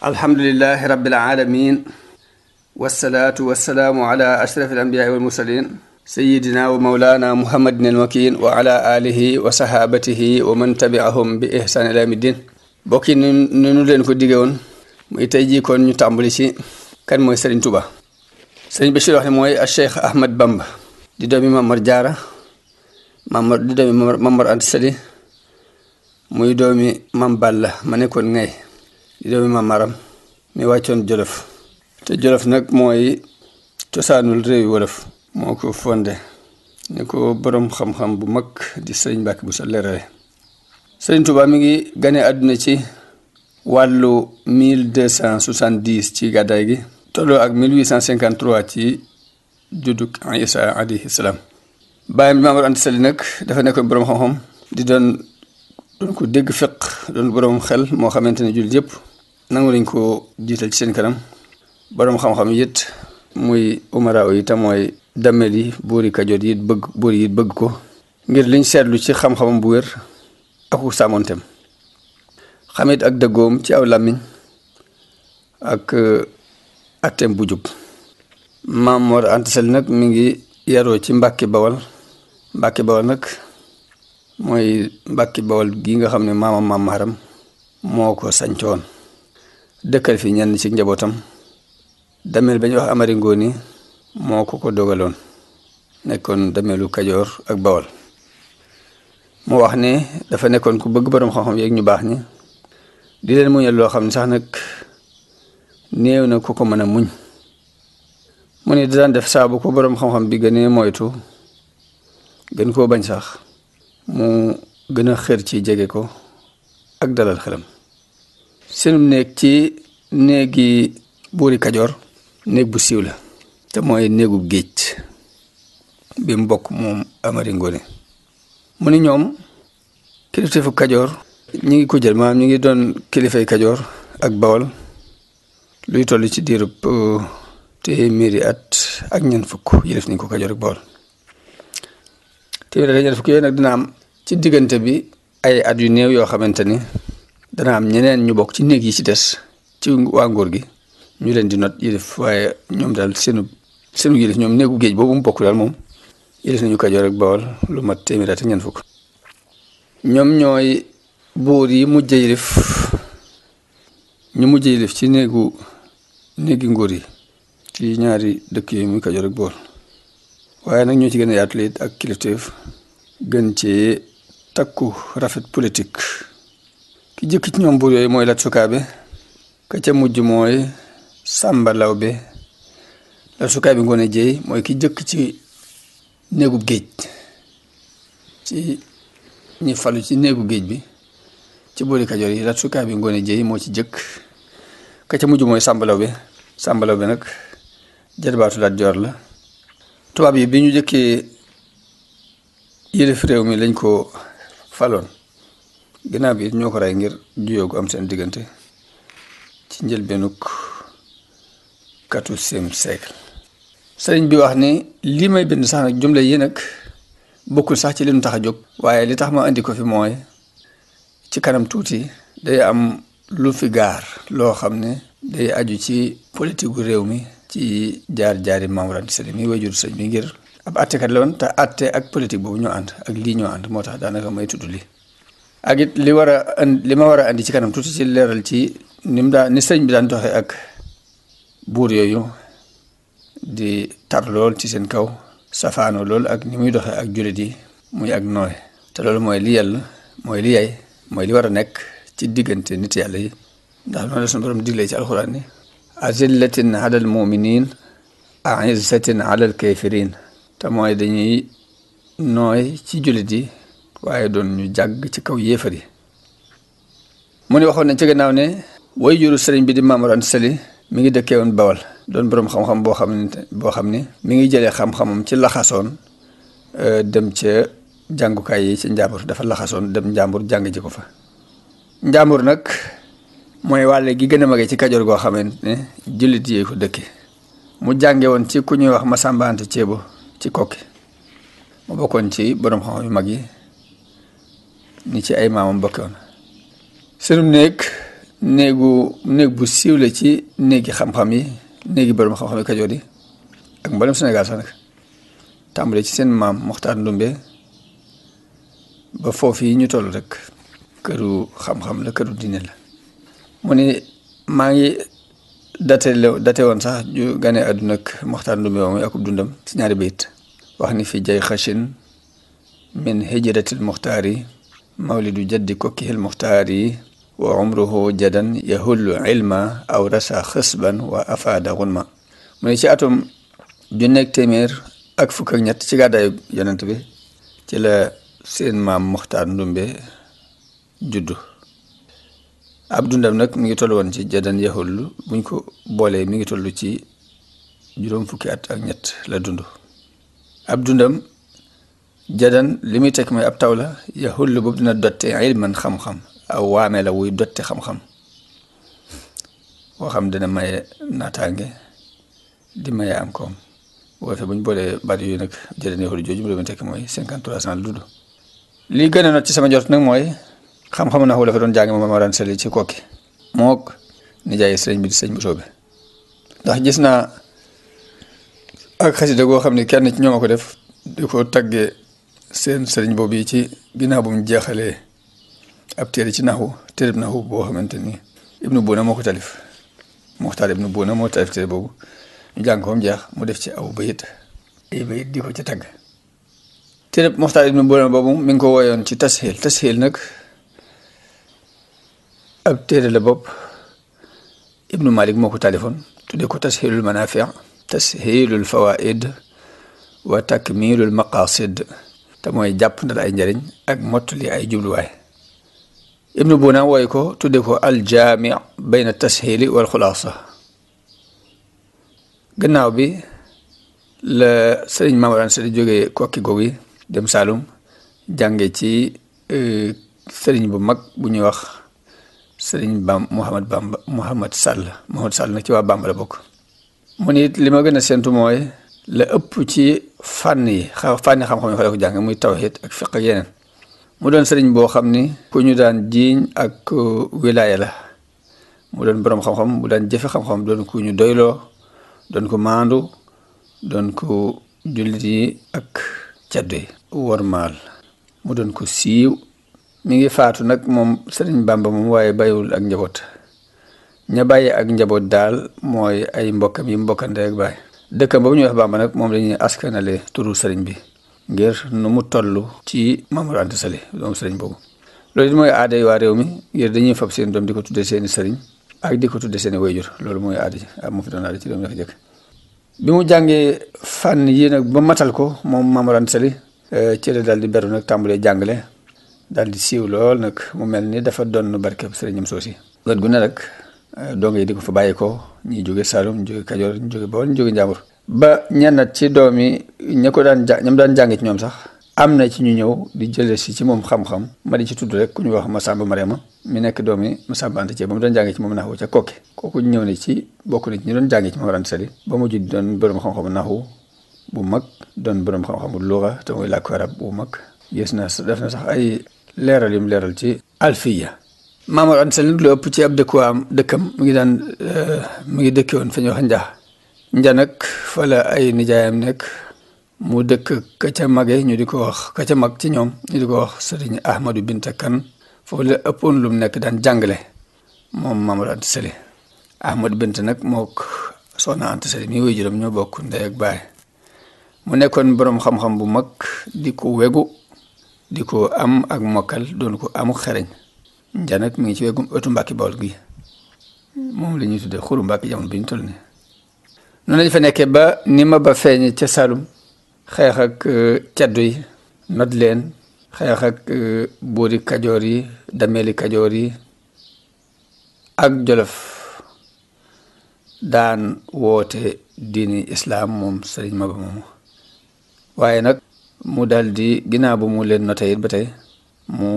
الحمد لله رب العالمين والصلاة والسلام على أشرف الأنبياء والمرسلين سيدنا ومولانا محمد المكين وعلى آله وصحابته ومن تبعهم بإحسان إلى الدين بوكي نونو لين كو muy tey jii kon ñu tàmbali ci kan mooy Serigne Touba. Serigne Bachir wax ne mooy a Cheikh Ahmad Bamba. di doomi Mamar Jaara Mamar di doomi Mamar Anta muy doomi Mam Balla ma nekkoon ngay di doomi Mamaram wàccoon Jolof te Jolof nag mooy cosaanul réewi wolof moo ko fondé ni ko boroom xam-xam bu mag di Serigne Mbacke bu sa leerale Serigne Touba mi ngi gane àdduna ci wàllu 1270 ci gàddaay gi tolloo ak 1853 ci juddug Isa alayhi salaam bàyyam bi Maamor Anta Sali nag dafa nekk boroom xam-xam di doon doon ko dégg fiq doon boroom xel moo xamante ne jullit yëpp nangu lañ ko jiital ci seen kanam boroom xam-xam it muy umaraaw yi te mooy dammel yi buuri kajoor yi bëgg buur yi bëgg ko ngir liñ seetlu ci xam-xamam bu wér aku sàmmoonteem xamit ak dëggoom ci aw làmmiñ ak euh, atem bu jub mam Mor antsel nak mi ngi yaro ci mbacke bawal mbacke bawal nak moy mbacke bawal gi nga xamne mama mam maram moko moo dekkal fi ñen ci njabotam damel bañ wax Amari ngoni moko ko dogalon nekkon damelu kajor ak Bawal mu wax ne dafa nekkon ku bëgg borom xam-xam yek ñu bax ni di leen muñal loo xam ne sax nag néew na ku ko mën a muñ mu ne daan def saabu ko boroom xam-xam bi gënee moytu gën koo bañ sax mu gën a xër ci jege ko ak dalal xelam seenum néeg ci néegi buuri kajoor néeg bu siiw la te mooy néegub géej bi mu bokk moom amari ngoone mu ni ñoom kilifteefu kajoor ñu ngi ko jël maanaam ñu ngi doon kilifay kajoor ak bawol luy toll ci diirub euh, téeméeri at ak ñan fukk yëlef nañ ko kajoor ak bawol téeméeri at ak fukk yooyu nag dina am ci diggante bi ay at yu néew yoo xamante ni dana am ñeneen ñu bokk ci néeg yi ci des ci waa nguur gi ñu leen di not yëlef waaye ñoom daal seenu seenu yëlef ñoom néegu géej boobu mu bokk daal moom yëlef nañu kajoor ak bawol lu mat téeméeri at ak fukk ñoom ñooy buur yi mujj yilif ñu mujj yilif ci néegu néegi nguur yi ci ñaari dëkk yooyu muy Kajoor ak Bawol waaye nag ñoo ci gën a yaatu ak kilifteef gën ci takku rafet politik ki jëkk ci ñoom buur yooyu mooy Lat Sukaabe ka ca mujj mooy Sàmba Lawbe Lat Sukaabe Ngoone Jeey mooy ki jëkk ci néegub géej ci ñu falu ci néegu géej bi ci boori Kajoor yi Lat Sukaabe bi Ngoone Jeey moo ci jëkk ka ca mujj mooy Sàmba bi Sàmba bi nag jarbaatu Lat Joor la tubaab yi bi ñu jëkkee yëlëf réew mi lañ ko faloon ginnaaw bi ñoo ko rey ngir juyoo ko am seen diggante ci njëlbeenug quatorzième siècle sëriñ bi wax ni lii may bind sax nag jumle yi nag bokkul sax ci li nu tax a jóg waaye li tax ma indi ko fi mooy ci kanam tuuti day am lu fi gaar loo xam ne day aju ci politique gu réew mi ci jaar-jaari Maam Mor Anta Sali mi wajur sëñ bi ngir ab àttekat la woon te àtte ak politique boobu ñu ànd ak lii ñoo ànd moo tax daanaka may tudd li ak it li war a li ma war a indi ci kanam tuuti ci leeral ci ni mu daan ni sëñ bi daan doxee ak buur yooyu di tar lool ci seen kaw safaano lool ak ni muy doxee ak jullit yi muy ak nooy te loolu mooy li yàlla mooy li mooy li war a nekk ci diggante nit yàlla yi ndax noonu la suñu borom diglee ci alxuraan ni azillatin ala al muminin aizzatin ala al kafirin te mooy dañuy nooy ci jullit yi waaye doon ñu jàgg ci kaw yéefar yi mu ni waxoon nañ ci gannaaw ne way juru sëriñ bi di Maamor Anta Sali mi ngi dëkkee woon Bawal doon boroom xam-xam boo xam ne boo xam ne mi ngi jëlee xam-xamam ci laxasoon euh, dem ca jàngukaay yi ci njàmbur dafa laxasoon dem njàmbur jàng ji ko fa njàmbur nag mooy wàlle gi gën a mage ci kajoor goo xamante ne jullit yee ko dëkke mu jànge woon ci ku ñuy wax Masamba Anta Ceebo ci kokki mu bokkoon ci borom xam yu mag yi ni ci ay maamam bokke woon sunu néeg néegu néeg bu siiw ci néegi xam-xam yi néegi borom xam-xam yi kajoor yi ak mboolem Sénégal sax nag tàmbale ci seen maam Moxtaar Ndumbe ba foofu yi ñu toll rek këru xam-xam la këru diine la maa ngi date lew woon sax gane àdduna ak Maxtaar Ndumbe moom akub dundam ci ñaari bayit wax ni fi jay xashin min hijratil muxtaari du jaddi kokkihil muxtaari wa umruhu jadan yahullu ilma aw rasa xisban wa afaada xunma mu ci atum junneeg téeméer ak fukk ñett ci gàddaayu yonent bi ci la seen maam Moxtaar Ndumbe juddu ab dundam nag mu ngi toll woon ci jadan yaxullu buñ ko boolee mi ngi toll ci juróom fukki at ak ñett la dund ab dundam jadan li muy teg mooy ab taw la yaxullu boobu dina dotte ilman xam-xam aw waame la wuy dotte xam-xam boo xam dina maye naataange di maye am koom boo fee buñ boolee baat yooyu nag jadan yaxullu jooju mu doon teg mooy cinquante trois ans la dund lii gën a not ci sama njort nag mooy xam-xamu naxu la doon jàng moom moo daan sëli ci kokki mook nijaay sëriñ bi di sëñ bu soobe ndax gis naa ak xasida goo xam ne kenn ci ko def di ko taggee seen sëriñ boobu yi ci ginnaaw bu mu jeexalee ab téere ci naxu téereb naxu boo xamante ni ibnu buuna moo ko talif muxtaar ibnu buuna moo talif téere boobu ñu jàng ko mu jeex mu def ci aw bayit ay di ko ci tagg تريب مختار ابن بولن بابو من كو ويون تي تسهيل تسهيل نك اب تيري لباب ابن مالك موكو تليفون تديكو تسهيل المنافع تسهيل الفوائد وتكميل المقاصد تموي جاب نلا اي نجرين اك موتلي اي جبلو واي ابن بونا ويكو تديكو الجامع بين التسهيل والخلاصه غناوبي لا سيرين ماوران سيري جوغي كوكي غوي dem salum jànge ci euh, sëriñ bu mag bu ñu wax sëriñ bam muhammad bam muhammad sall muhammad sall nag ci wa bamba la bok mu ni li ma gën sentu moy la ëpp ci fànn yi fànni xam-xam fa ko muy tawhid ak fiqh yenen mu doon sëriñ bo xamni ku ñu daan diñ ak euh, wilaya la mu doon borom xam-xam bu daan jëfe xam-xam doon ku ñu doylo doon ko mandu doon ko jullit ak caddoy wormaal mu doon ko siiw mi ngi faatu nag moom sëriñ Bàmba moom waaye bàyyiwul ak njaboot ña bàyyi ak njaboot daal mooy ay mbokkam yi mbokkante ak baay dëkkam boobu ñuy wax Bàmba nag moom lañuy askanale turu sëriñ bi ngir nu mu toll ci Mamour Anta Sali doomu sëriñ boobu loolu it mooy aada yi waa réew mi ngir dañuy fab seen doom di ko tuddee seeni sëriñ ak di ko tuddee seeni wayjur loolu mooy aada ji ah fi doon aada ci doom dafa jëkk bi mu jàngee fànn yii nag ba matal ko moom Maam Mor Anta Sali eh, ci la daal di beru nag tàmbalee jàngale daal di siiw lool nag mu mel ni dafa doon barkeb sëriñam soosi wet gu ne rek eh, dong yi di ko fa bàyyi ko ñi jóge Saalum ñu jóge Kajoor ñu jóge Bawol ñu jóge Njaambur ba ñenn ci doom yi ña ko daan ja ñam daan jàng ci ñoom sax am na ci ñu ñëw di jële si ci moom xam-xam ma di ci tudd rek ku ñu wax Masamba ma mi nekk doomi Masamba Anta Cee ba mu doon jàngee ci moom naxwu ca Kokke kooku ñu ñëw ne ci bokk na ci ñu doon jàngee Anta doon borom xam-xamu naxwu bu mag doon borom xam-xamu luga te muy làkk arab bu mag sax ay leeral yu mu leeral ci alfiya Maamor Anta Sali nag lu ëpp ci ab dëkkuwaam mu ngi daan euh, mu ngi dëkkewoon fa ñuy wax njax nja nag fa ay nijaayam nekk mu dëkk ka ca mage ñu di ko wax ka ca mag ci ñoom ñu di ko wax sëriñ ahmadu binta kan foofu la ëppoon lum nekk daan jàngale moom mamadou anta sëli ahmadu binta nag mook soxna anta sëli mi woy juróom ñoo bokk ndey ak baay mu nekkoon borom xam-xam bu mag di ko wegu di ko am ak mokkal doon ko amu xereñ njanag mi ngi ci wegu ëttu mbàkki bool gi moom la ñuy tuddee xuru mbàkki jamono bi ñu toll ni noonu lañ fa nekkee ba ni ma ba feeñe ca salum xeex ak caddu yi not leen xeex ak buuri kajoor yi dameeli kajoor yi ak jolof daan woote diini islaam moom sëriñ Maba moomu waaye nag mu daldi ginnaaw bu mu leen noté it ba tey mu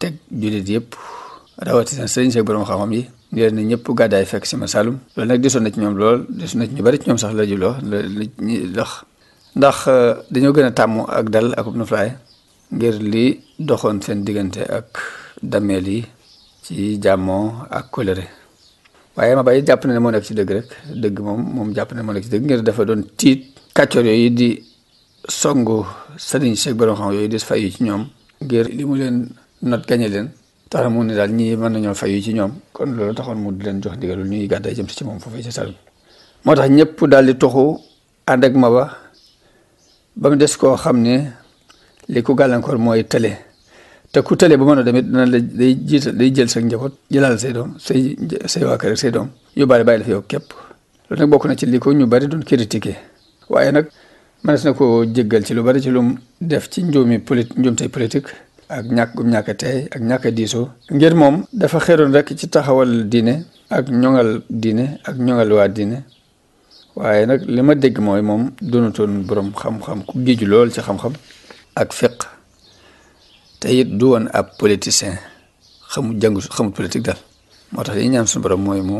teg jullit yëpp rawatina sëriñ seeg borom xam-xam yi ñu leen ne ñëpp gàddaay fekk si ma Saalum loolu nag desoon na ci ñoom lool desoon na ci ñu bari ci ñoom sax la jubloo la ndax ndax euh, dañu gëna a ak dal ak noflaay ngir li doxoon sen digënté ak dameel yi ci jamo ak coléré waye ma bay japp na ne moo ci dëgg rek dëgg mom mom japp na ne ci dëgg ngir dafa doon tiit katchor yoy di songu sëriñ cheikh borom xam yoy di fay ci ñom ngir li mu leen not gañe leen tara mo ni dal ñi mën nañu fay ci ñom kon loolu taxoon mu di leen jox ndigalul ñuy gadda jëm ci mom fofé ci sal motax ñepp dal di toxu ànd ak ba mu des koo xam ne li ku gàllankoor mooy tële te ku tële bu mën a demit dana day jiital day jël sa njaboot jëlaal say doom say say waa kër say doom yóbbaale dafa yow képp loolu nag bokk na ci li ko ñu bari doon critiquer waaye nag mënees na koo jéggal ci lu bari ci lu def ci njuumi polit njuumtey politique ak ñàkk gum ñàkk tey ak ñàkk diisoo ngir moom dafa xeroon rek ci taxawal diine ak ñoŋal diine ak ñoŋal waa diine waaye nag li ma dégg mooy moom dunutoon borom xam-xam ku géeju lool ci xam-xam ak fiq te it du won ab politicien xamu jàngu xamu politique daal moo tax li ñaan suñu borom mooy mu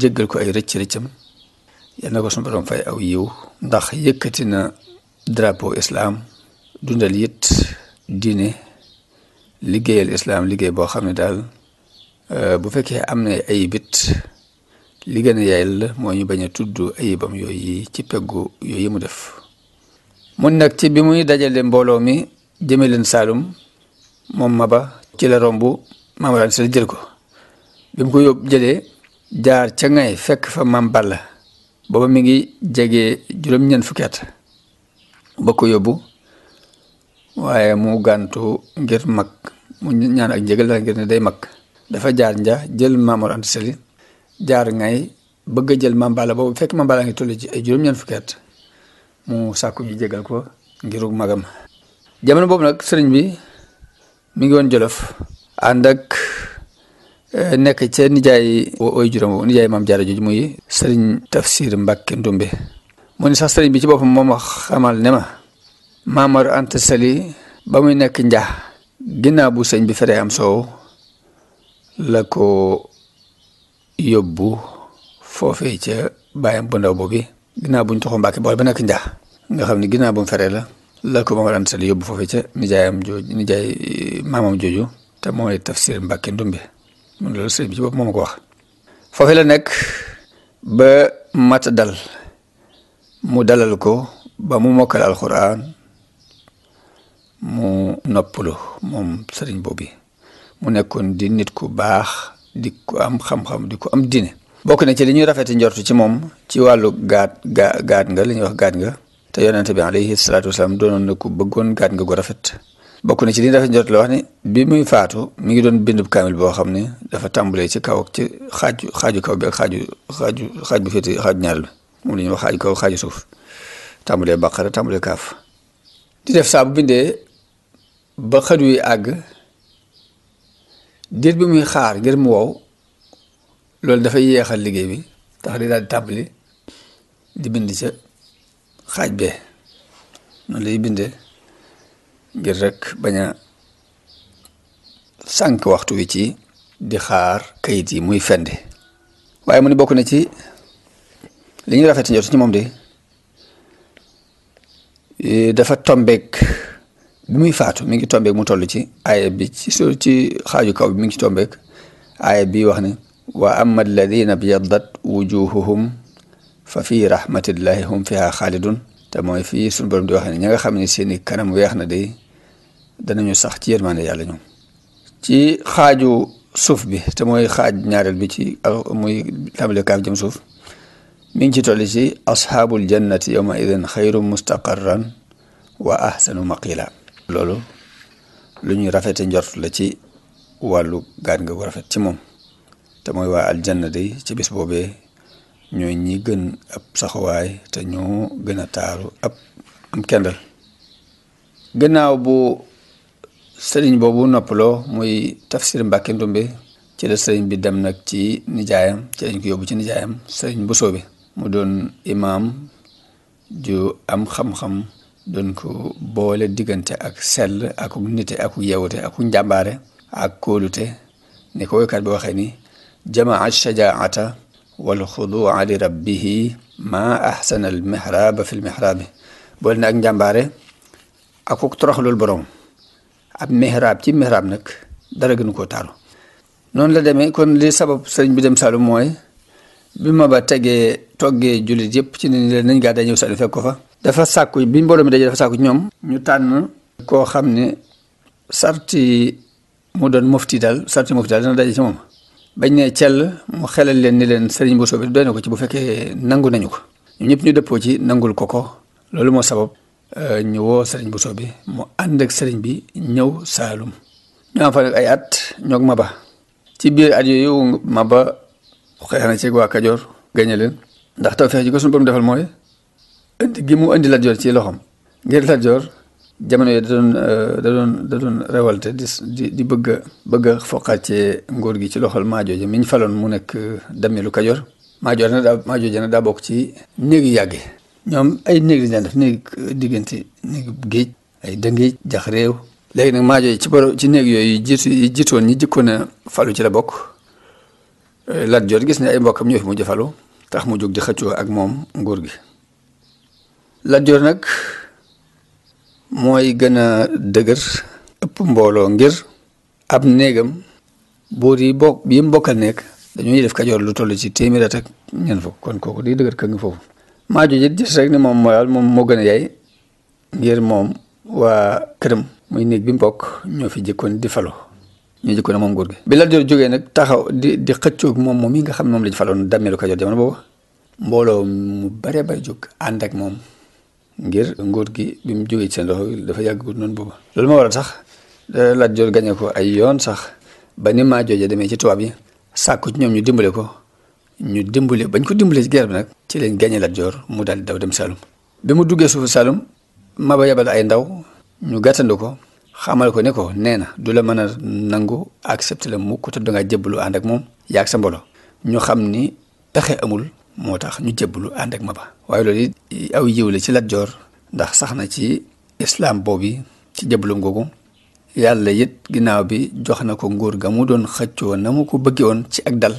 jéggal ko ay rëcc-rëccam yal na ko suñu borom fay aw yiw ndax yëkkati na drapo islam dundal it diine liggéeyal islam liggéey boo xam ne daal euh, bu fekkee am na ay bit li gën mooy yàlla moo ñu bañ a tudd ayibam yooyu yi ci peggu yooyu mu def mun nag ci bi muy dajale mbooloo mi jëme leen Saalum moom Maba ci la romb Maam Mor jël ko bi mu ko yóbbu jëlee jaar ca fekk fa Maam Balla mi ngi jege juróom-ñeent fukki at ba waaye mu gantu ngir mag mu ñaan ak njëgal la ngir ne day mag dafa jaar nja jël Maam Mor jaar ngay bëgg a jël mambala boobu fekk mambala ngi toll ci ay juróom-ñeent fukki at mu sàkku ji jégal ko ngirug magam jamono boobu nag sëriñ bi mu ngi woon Jolof ànd ak eh, nekk ca nijaay ooy juróom nijaay maam jaara jooju muy sëriñ Tafsir Mbàkke Ndumbe mu ne sax sëriñ bi ci boppam moom xamal ne ma Maamar Anta Sali ba muy nekk nja ginnaaw bu sëñ bi feree am soow la ko yóbbu foofee ca bàyyam bu ndaw boobu ginnaaw bu ñu toxoo Mbàkke bool ba nekk njax nga xam ne ginnaaw bu mu feree la la ko Maam Mor Anta Sali yóbbu foofee ca nijaayam jooju nijaay maamam jooju te moom lay tafsir Mbàkke Ndumbe mun moo ko wax la nekk ba mat dalal ko ba mu mokkal alxuraan mu noppalu sëriñ boobu mu nit ku baax di ko am xam-xam di ko am dine bokk na ci li ñuy rafete njortu ci moom ci wàllu gaat gaa gaat nga li ñuy wax gaat nga te yonente bi alayhi salaatu wasalaam doonoon na ku bëggoon gaat nga gu rafet bokk na ci li ñu rafet njort la wax ne bi muy faatu mi ngi doon bindub kaamil boo xam ne dafa tàmbalee ci kaw ak ci xaaju xaaju kaw bi ak xaaj bu féete xaaju ñaar moom la ñuy wax xaaju kaw xaaju suuf tàmbalee baqara tàmbalee kaaf bindee ba xët yi àgg diir bi muy xaar ngir mu wow loolu dafa yéexal liggéey bi tax di daal di tàmbali di bind ca xaaj bee noonu lay bindee ngir rek bañ a sànq waxtu wi ci di xaar kayit yi muy fendi waaye mu ni bokk na ci li ñuy rafet njort ci moom de eh, dafa tombeek bi muy faatu mi ngi tombeek mu toll ci aaya bi ci su ci xaaju kaw bi mi ngi ci tombeek aaya bi wax ne wa amma alladina biyaddat wujuhuhum fa fii rahmatillahi hum fiha xaalidun te mooy fii suñu borom di wax ne ña nga xam ne seeni kanam weex na de danañu sax ci yërmande yàlla ñoom ci xaaju suuf bi te mooy xaaj ñaareel bi ci muy tàmbale kaaf jëm suuf mu ngi ci toll ci ashaabul jannati yawma idin xayru mustaqarran wa ahsanu maqila lolo lu ñuy rafete njort la ci walu gaan nga rafet ci moom te mooy waa aljanna day ci bis bobé ñoy ñi gën ab saxaway té ñu gën taru ap am kendal gënaaw bu sëriñ bobu noppaloo muy tafsir mbàkke ndumbe ci la sëriñ bi dem nak ci nijaayam ci lañ ko yobbu ci nijaayam sëriñ bu soobe mu doon imam ju am xam-xam doon ko boole diggante ak sell ak nite ak yewute ak njàmbaare ak kóolute ni ko woykat bi waxee ni jamaa shajaata wal xudua li rabbihi ma ahsana al mihraba fi l mihraabi boole na ak njàmbaare akuk toroxlul borom ab mihraab ci mihraab nag dara gënu ko taaru noonu la demee kon li sabab sëriñ bi dem Saalum mooy bi ma ba tegee toggee jullit yëpp ci ne ni leen nañ gaa daa ñëw Saalum ko fa dafa sàkku bi mbooloo mi daje dafa sàkku ñoom ñu tànn koo xam ne sarti mu doon mufti daal sarti mufti daal dana daje ci moom bañ ne cell mu xelal leen ni leen sëriñ Bousso bi doy na ko ci bu fekkee nangu nañu ko ñu ñëpp ñu dëppoo ci nangul ko ko loolu moo sabab euh, ñu woo sëriñ Bousso bi mu ànd ak sëriñ bi ñëw Saalum ñu am fa nag ay at ñoog Maba ci biir at yooyu Maba xeex na ci waa Kajoor gañe leen ndax tawfeex ji ko suñu borom defal mooy indi gi mu indi Lat Joor ci loxoom ngir Lat Joor jamono yooyu euh, da doon da doon da di di bëgg a bëgg a foqaacee gi ci loxol Maajooja mi ñu faloon mu nekk euh, Dammeelu Kajoor Maajoor na daa Maajooja na bokk ci néegi yàgge ñoom ay néeg lañ daan def néeg euh, diggante néeg géej ay dëngéej jax réew léegi nag Maajooja ci boro ci néeg yooyu jiitu jiitoon ñi jëkkoon falu ci la bokk Lat Joor gis ne ay mbokkam ñoo fi mujj falu tax mu jóg di xëccoo ak moom nguur gi Lat Joor nag mooy gën a dëgër ëpp mbooloo ngir ab néegam buur yi bokk yi mu bokkal nekk dañuy def Kajoor lu toll ci téeméer at ak ñeent kon kooku di dëgër ka ngi foofu maa jojit gis moom mooyal moom moo gën a yaay ngir moom waa këram néeg bi mu bokk ñoo fi jëkkoon di falo ñu jëkkoon moom nguur bi Lat Joor jógee nag taxaw di di xëccoog moom moom yi nga xam ne moom lañ faloon dammeelu Kajoor jamono boobu mbooloo mu bare bare jóg ànd ak moom ngir nguur gi bi mu jógee ci seen loxo dafa yàggut noonu boobu loolu moo waral sax Lat Joor gañe ko ay yoon sax ba ni maa jooje demee ci tubaab yi sàkku ci ñoom ñu dimbale ko ñu dimbale bañ ko dimbale ci guerre bi nag ci leen gañe Lat Joor mu daal di daw dem Saalum bi mu duggee suufu ma Maba yabal ay ndaw ñu gàttandu ko xamal ko ne ko nee na du la mën a nangu accepté mu mukk te nga jébbalu ànd ak moom yaag sa ñu xam ni pexe amul moo tax ñu jébbalu ànd ak ba waaye loolu it aw yiw la ci Lat Joor ndax sax na ci islaam yi ci jébbalum googu yàlla yit ginnaaw bi jox na ko nguur ga mu doon xëccoo na mu ko bëggee woon ci ak dal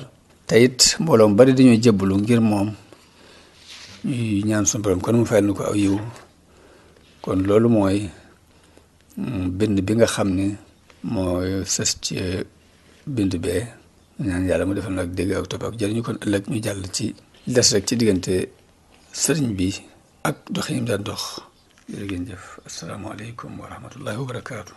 te it mbooloom bari dañoo jébbalu ngir moom ñuy ñaan suñu borom kon mu fayal nu ko aw yiw kon loolu mooy mm, bind bi nga xam ni mooy sës ci bind bee ñaan yàlla mu defal nag dégg ak topp ak kon ëllëg ñu jàll ci des rek ci diggante sëriñ bi ak doxinam daan dox jërë ngeen jëf asalaamaaleykum wa rahmatullahi wa barakaatu